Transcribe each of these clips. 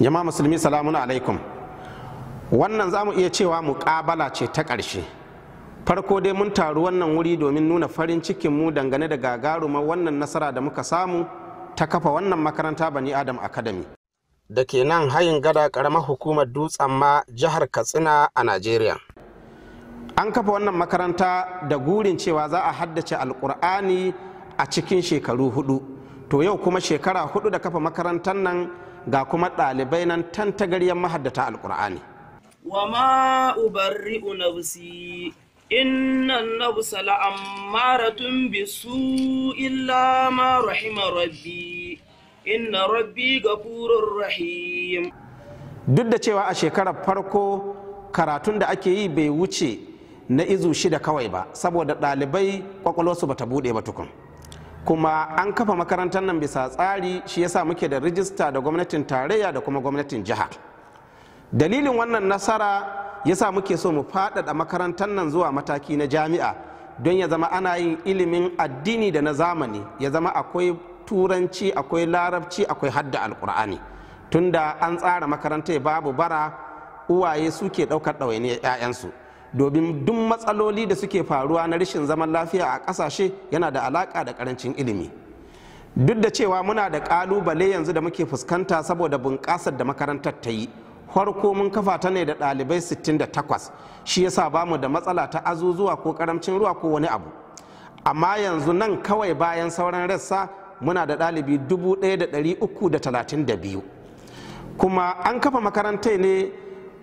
jama'a musulmi salamun alaikum wannan za mu iya cewa muƙabala ce ta ƙarshe farko dai mun taru wannan wuri domin nuna farin cikin mu dangane da gagarumar wannan nasara da muka samu ta kafa wannan makaranta bani adam academy da ke nan hayin gada karamar hukumar dutsen ma jihar katsina a najeriya an kafa wannan makaranta da gurin cewa za a haddace alkur'ani a cikin shekaru hudu to yau kuma shekara hudu da kafa makarantar nan ga kuma ɗalibai nan tantagaryar mahaddata alkur'ani wa ma ubarri'u nafsi innan nafsa la'ammaratun bisu illa ma rahima rabbi inna rabbi gafurur rahim duk da cewa a shekarar farko karatun da ake yi bai wuce na izu shida kawai ba saboda ɗalibai kwakwalwarsu ba ta buɗe ba tukun kuma an kafa makarantar nan bisa tsari shi yasa muke da rijista da gwamnatin tarayya da kuma gwamnatin jiha dalilin wannan nasara yasa muke so mu faɗaɗa makarantar nan zuwa mataki na jami'a don ya zama ana yin ilimin addini da na zamani ya zama akwai turanci akwai larabci akwai hadda alkur'ani tunda an tsara makarantar babu bara uwaye suke ɗaukar ɗawainiyar 'ya'yansu domin duk matsaloli da suke faruwa na rashin zaman lafiya a ƙasashe yana da alaƙa da ƙarancin ilimi duk da cewa muna da ƙalubale yanzu da muke fuskanta saboda bunƙasar da makarantar ta yi farko mun kafa ta ne da ɗalibai 68 shi yasa bamu bamu da matsala ta azuzuwa ko karamcin ruwa ko wani abu amma yanzu nan kawai bayan sauran rassa muna da ɗalibi 1332 kuma an kafa makarantai ne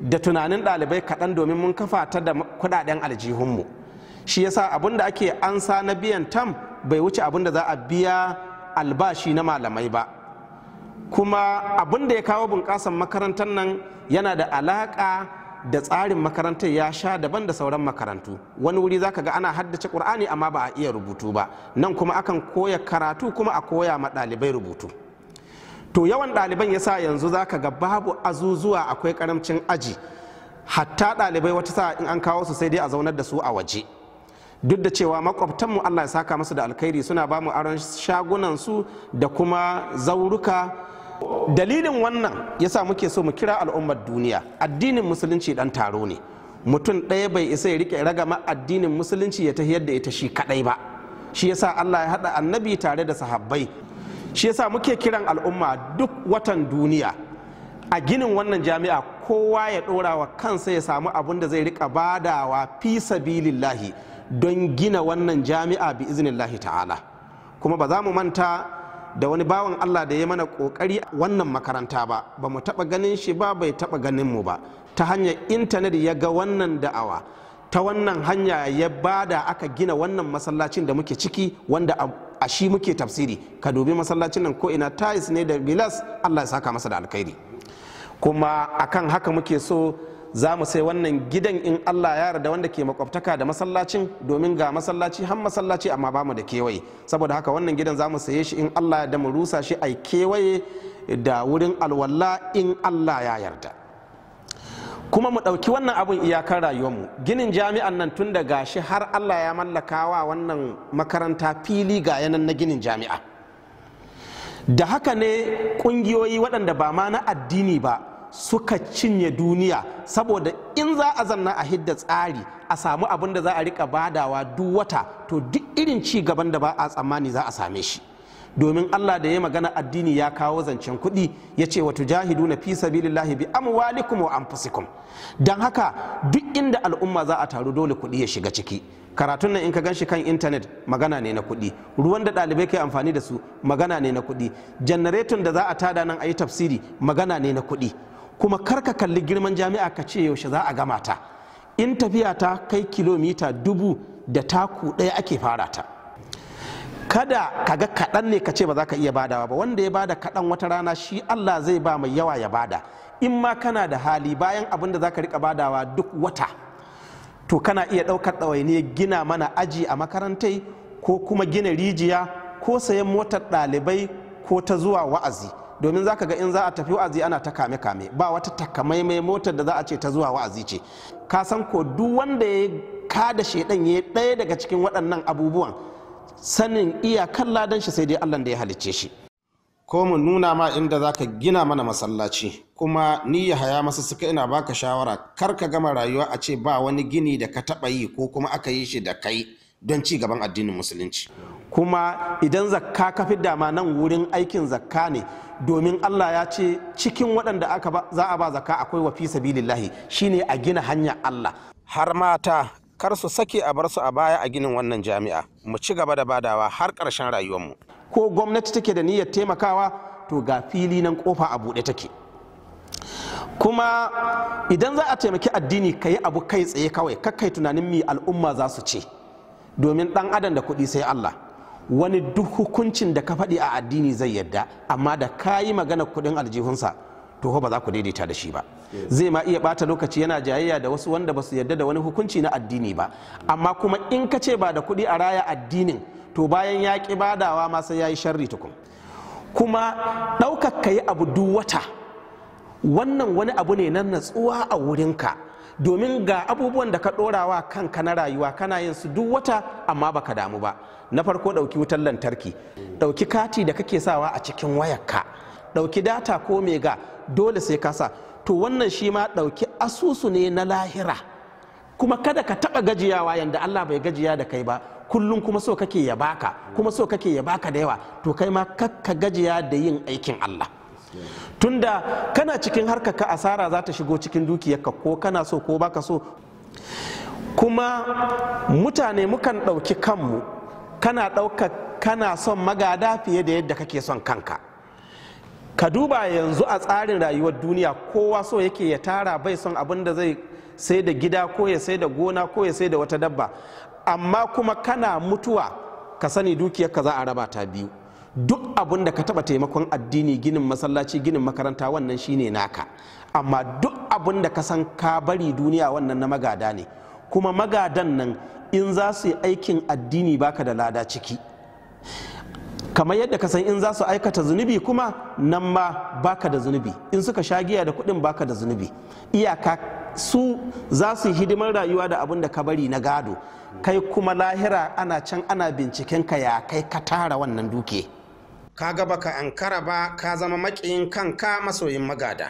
da tunanin ɗalibai kaɗan domin mun kafa ta da kuɗaɗen aljihunmu shi yasa abin da ake ansa na biyan tam bai wuce abin da za a biya albashi na malamai ba kuma abin da ya kawo bunƙasan makarantar nan yana da alaƙa da tsarin makarantar ya sha daban da sauran makarantu wani wuri zaka ga ana haddace ƙur'ani amma ba a iya rubutu ba nan kuma akan koya karatu kuma a koya ma ɗalibai rubutu to yawan ɗaliban yasa yanzu za ka ga babu azuzuwa akwai karamcin aji hatta ɗalibai wata sa in an kawo su sai dai a zaunar da su a waje duk da cewa makwabtanmu Allah ya saka masu da alkhairi suna ba mu aron shagunan su da kuma zauruka dalilin wannan yasa muke so mu kira al'ummar duniya addinin musulunci dan taro ne mutum ɗaya bai isa ya rike ragama addinin musulunci ya tahiyar da ita shi kaɗai ba shi yasa Allah ya haɗa annabi tare da sahabbai shi yasa muke kiran al'umma duk watan duniya a ginin wannan jami'a kowa ya ɗora wa kansa ya samu abin da zai rika badawa fi sabilillahi don gina wannan jami'a bi iznillahi ta'ala kuma ba za mu manta da wani bawan Allah da ya mana kokari wannan makaranta ba ba mu taba ganin shi ba bai taba ganin mu ba ta hanyar intanet ya ga wannan da'awa ta wannan hanya ya bada aka gina wannan masallacin da muke ciki wanda a shi muke tafsiri ka dubi masallacin nan ko ina tais ne da bilas Allah ya saka masa da alkhairi kuma akan haka muke so za mu sai wannan gidan in Allah ya yarda wanda ke makwabtaka da masallacin domin ga masallaci har masallaci amma ba mu da kewaye saboda haka wannan gidan za mu saye shi in Allah ya yarda mu rusa shi a kewaye da wurin alwala in Allah ya yarda kuma mu ɗauki wannan abun iyakar mu ginin jami'an nan tun da gashi har allah ya mallaka wa wannan makaranta fili ga yanan na ginin jami'a da haka ne ƙungiyoyi waɗanda ba ma na addini ba suka cinye duniya saboda in za a zanna a hidda tsari a samu abin da za a rika badawa duk wata to duk irin ci gaban da ba a tsammani za a same shi domin Allah da ya magana addini ya kawo zancen kuɗi ya ce wa tujahidu na fi sabilillahi bi amwalikum wa anfusikum dan haka duk inda al'umma za a taru dole kuɗi ya shiga ciki karatun nan in ka ganshi kan intanet magana ne na kuɗi ruwan da ɗalibai ke amfani da su magana ne na kuɗi janareton da za a tada nan a yi tafsiri magana ne na kuɗi kuma kar ka kalli girman jami'a ka ce yaushe za a gama ta in tafiya ta kai kilomita dubu da taku ɗaya ake fara ta kada ka ga kaɗan ne ka ce ba za ka iya badawa ba wanda ya bada kaɗan wata rana shi Allah zai ba mai yawa ya bada in ma kana da hali bayan abin da za ka riƙa badawa duk wata to kana iya ɗaukar ɗawainiyar gina mana aji a makarantai ko kuma gina rijiya ko sayan motar ɗalibai ko ta zuwa wa'azi domin za ka ga in za a tafi wa'azi ana ta kame-kame ba wata takamaimai motar da za a ce ta zuwa wa'azi ce ka san ko duk wanda ya kada shaidan ya ɗaya daga cikin waɗannan abubuwan sanin iyakan ladan shi sai dai Allah da ya halicce shi ko mu nuna ma inda zaka gina mana masallaci kuma ni ya haya masa suka ina baka shawara kar ka gama rayuwa a ce ba wani gini da ka taba yi ko kuma aka yi shi da kai don ci gaban addinin musulunci kuma idan zakka ka fi dama nan wurin aikin zakka ne domin Allah ya ce cikin waɗanda aka za a ba zakka akwai wa fi sabilillahi shine a gina hanya Allah har mata kar su sake a bar su a baya a ginin wannan jami'a mu ci gaba da badawa har ƙarshen rayuwar mu. ko gwamnati take da niyyar taimakawa to ga fili nan kofa a buɗe take kuma idan za a taimaki addini ka yi abu kai tsaye kawai kakkai tunanin mi al'umma za su ce domin ɗan adam da kuɗi sai allah wani duk hukuncin da ka faɗi a addini zai yadda amma da ka yi magana kuɗin aljihunsa to ba za ku daidaita da shi ba zai ma iya bata lokaci yana jayayya da wasu wanda ba su yarda da wani hukunci na addini ba amma kuma in ka ce ba da kuɗi a raya addinin to bayan ya ƙi badawa ma sai ya yi sharri tukun kuma ɗaukar ka yi abu duk wata wannan wani abu ne na natsuwa a wurin ka. domin ga abubuwan da ka ɗorawa kanka na rayuwa kana yin su duk wata amma baka damu ba na farko ɗauki wutar lantarki ɗauki kati da kake sawa a cikin wayarka ɗauki data ko mega dole sai ka sa to wannan shi ma ɗauki asusu ne na lahira kuma kada ka taɓa gajiyawa yanda Allah bai gajiya da kai ba kullum kuma so kake ya baka kuma so kake ya baka da yawa to kai ma kakka gajiya da yin aikin Allah tunda kana cikin harka ka asara za ta shigo cikin dukiyarka ko kana so ko baka so kuma mutane mukan ɗauki kanmu kana ɗauka kana son magada fiye da yadda kake son kanka ka duba yanzu a tsarin rayuwar duniya kowa so yake ya tara bai son abin da zai sai da gida ko ya sai da gona ko ya sai da wata dabba amma kuma kana mutuwa ka sani dukiyar ka za a raba ta biyu duk abin da ka taba taimakon addini ginin masallaci ginin makaranta wannan shine naka amma duk abin da ka san ka bari duniya wannan na magada ne kuma magadan nan in za su yi aikin addini baka da lada ciki kamar yadda ka san in za su aikata zunubi kuma nan ma baka da zunubi in suka sha giya da kuɗin baka da zunubi iyaka su za su yi hidimar rayuwa da abin da ka bari na gado kai kuma lahira ana can ana binciken ka ya kai ka tara wannan duke ka gaba ka ankara ba ka zama makiyin kanka masoyin magada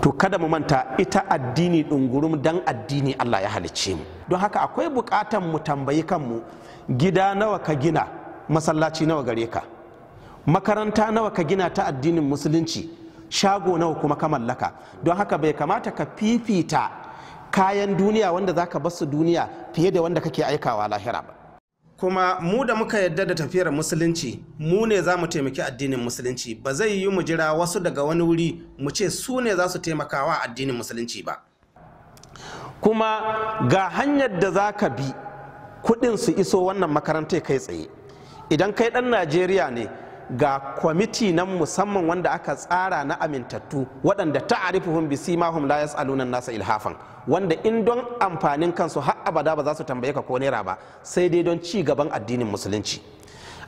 to kada mu manta ita addini dungurum dan addini Allah ya halicce mu don haka akwai bukatan mu tambayi kanmu gida nawa ka gina masallaci nawa gare ka makaranta nawa ka gina ta addinin musulunci shago nawa kuma ka mallaka don haka bai kamata ka fifita kayan duniya wanda za ka basu duniya fiye da wanda kake aikawa lahira ba kuma mu da muka yadda da tafiyar musulunci mu ne za mu taimaki addinin musulunci ba zai yi mu jira wasu daga wani wuri mu ce su ne za su taimakawa addinin musulunci ba kuma ga hanyar da za ka bi kuɗin su iso wannan makarantar kai tsaye idan kai dan najeriya ne ga kwamiti nan musamman wanda aka tsara na amintattu waɗanda ta ta'arifuhum bi simahum la yas'aluna nasa ilhafan wanda in don amfanin kansu har abada ba za su tambaye ka ko naira ba sai dai don ci gaban addinin musulunci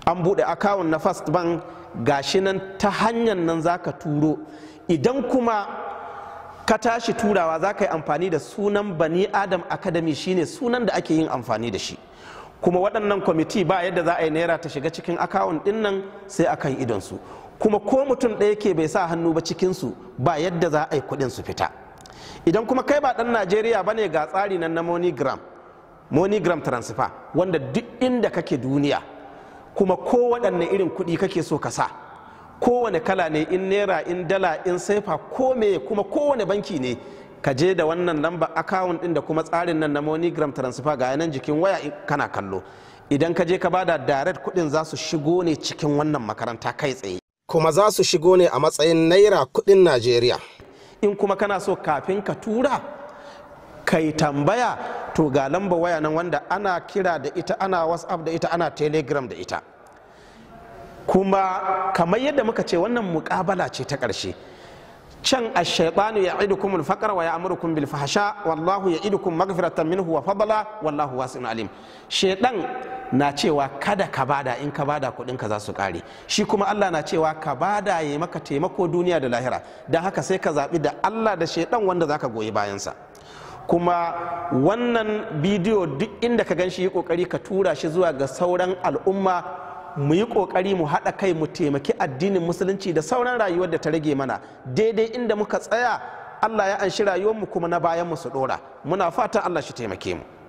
an buɗe akawun na first bank gashi nan ta hanyar nan za ka turo idan kuma ka tashi turawa za ka yi amfani da sunan bani adam academy shine sunan da ake yin amfani da shi kuma waɗannan kwamiti ba yadda za a yi naira ta shiga cikin akawun ɗin nan sai akan su kuma ko mutum ɗaya ke bai sa hannu ba cikinsu ba yadda za a yi kuɗin su fita idan kuma kai ba ɗan najeriya ba ne ga tsari nan na monigram monigram transfer wanda duk inda kake duniya kuma ko waɗanne irin kuɗi kake so ka sa kowane kala ne in naira in dala in saifa ko me kuma kowane banki ne ka je da wannan lamba akawun din da kuma tsarin nan na monogram transfer ga yanan jikin waya kana kallo idan ka je ka bada direct kuɗin za su shigo ne cikin wannan makaranta kai tsaye kuma za su shigo ne a matsayin naira kuɗin najeriya in kuma kana so kafin ka tura kai tambaya to ga lamba waya nan wanda ana kira da ita ana whatsapp da ita ana telegram da ita kuma kamar yadda muka ce wannan mukabala ce ta ƙarshe can ash ya idu kumul fakar wa kum bil fahasha wallahu ya kum maghfiratan minhu wa fadala wallahu wasi'un alim shaiɗan na cewa kada ka bada in ka bada kudin ka za su kare shi kuma Allah na cewa ka bada yayi maka taimako duniya da lahira dan haka sai ka zaɓi da Allah da shaiɗan wanda zaka goyi bayansa kuma wannan bidiyo duk inda ka gan shi yi kokari ka tura shi zuwa ga sauran al'umma mu yi ƙoƙari mu haɗa kai mu taimaki addinin musulunci da sauran rayuwar da ta rage mana daidai inda muka tsaya Allah ya anshi mu kuma na bayan mu su ɗora muna fatan Allah shi taimake mu